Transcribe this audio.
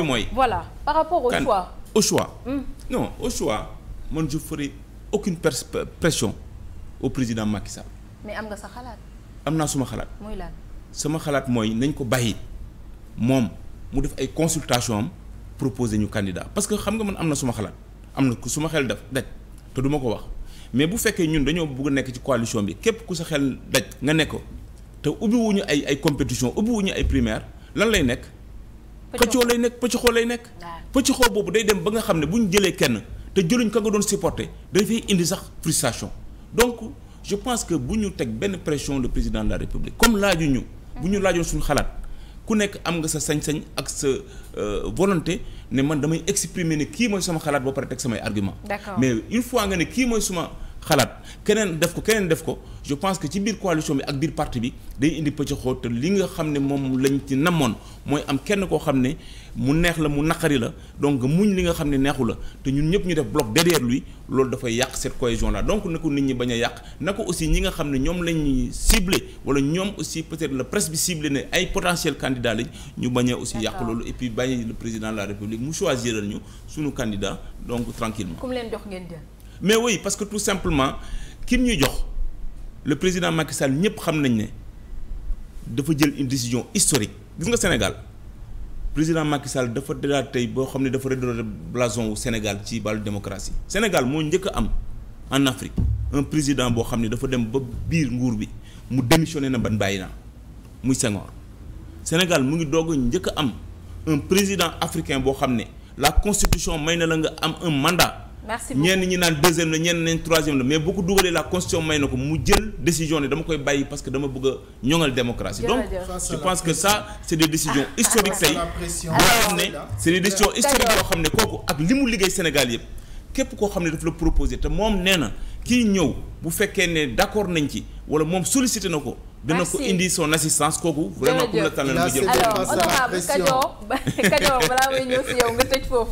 bi mooy. voilà par rapport au choix. au choix. Mm. non au man je ferai aucune pression au président Macky Sall. mais am nga sa xalaat. am naa suma xalaat. muy sama xalaat mooy nañ ko bàyyi moom mu def ay consultation am proposer ñu candidat parce que xam nga man am na suma xalaat am na ku suma xel def daj te du ma ko wax mais bu fekkee ñun dañoo bugg a nekk ci coalition bi képp ku sa xel daj nga nekk ko te ubbi wuñu ay ay compétition ubbi wuñu ay primaire lan lay nekk. pëccoo lay nekk pëccoo lay nekk. pëccoo boobu day dem ba nga xam ne bu ñu jëlee kenn te jëluñ ka nga doon supporter day fay indi sax frustration donc je pense que bu ñu teg benn pression de président de la république comme laaju ñu. bu ñu laajoo suñu xalaat ku nekk am nga sa sañ-sañ ak sa euh, volonté ne man damay exprimer ne kii mooy sama xalaat boo pare teg samay argument mais une fois nga ne kii mooy suma. xalaat keneen def ko keneen def ko je pense que ci biir coalition bi ak biir parti bi day indi pëcc xóot te li nga xam ne moom lañ ci namoon mooy am kenn koo xam ne mu neex la mu naqari la donc muñ li nga xam ne neexu la te ñun ñëpp ñu def bloc derrière lui loolu dafay yàq cette cohésion là donc na ko nit ñi bañ a yàq na ko aussi ñi nga xam ne ñoom lañ cible wala ñoom aussi peut-être la presse bi cible ne ay potentiel candidat lañ ñu bañ a aussi yàq loolu et puis bàyyi le président de la république mu choisiral ñu suñu candidat donc tranquillement comme leen jox ngeen jël mais oui parce que tout simplement kim ñu jox le président Macky Sall ñëpp xam nañ ne dafa jël une décision historique gis nga Sénégal président Macky dafa dalaa tey boo xam ne dafa redoré blason wu Sénégal ci wàllu démocratie Sénégal moo njëkk am en Afrique un président boo xam ne dafa dem ba biir nguur bi mu démissionné na ban bàyyi naa muy Senghor Sénégal mu ngi doog njëkk am un président africain boo xam ne la constitution may na la nga am un mandat merci ñi naan deuxième la ñenn nañ troisième la mais bu ko dugalee la constitution may na ko mu jël décision ne dama koy bàyyi parce que dama bëgg a ñoŋal démocratie. donc je pense que ça c' est des décisions ah, historiques tey. boo xam ne c' est des décisions historiques yoo xam ne kooku ak li mu liggéey Sénégal yëpp képp koo xam ne daf la proposé te moom nee na kii ñëw bu fekkee ne d' accord nañ ci wala moom sollicité na ko. dana ko indi son assistance kooku. ku la tànnal mu jël alors Honorable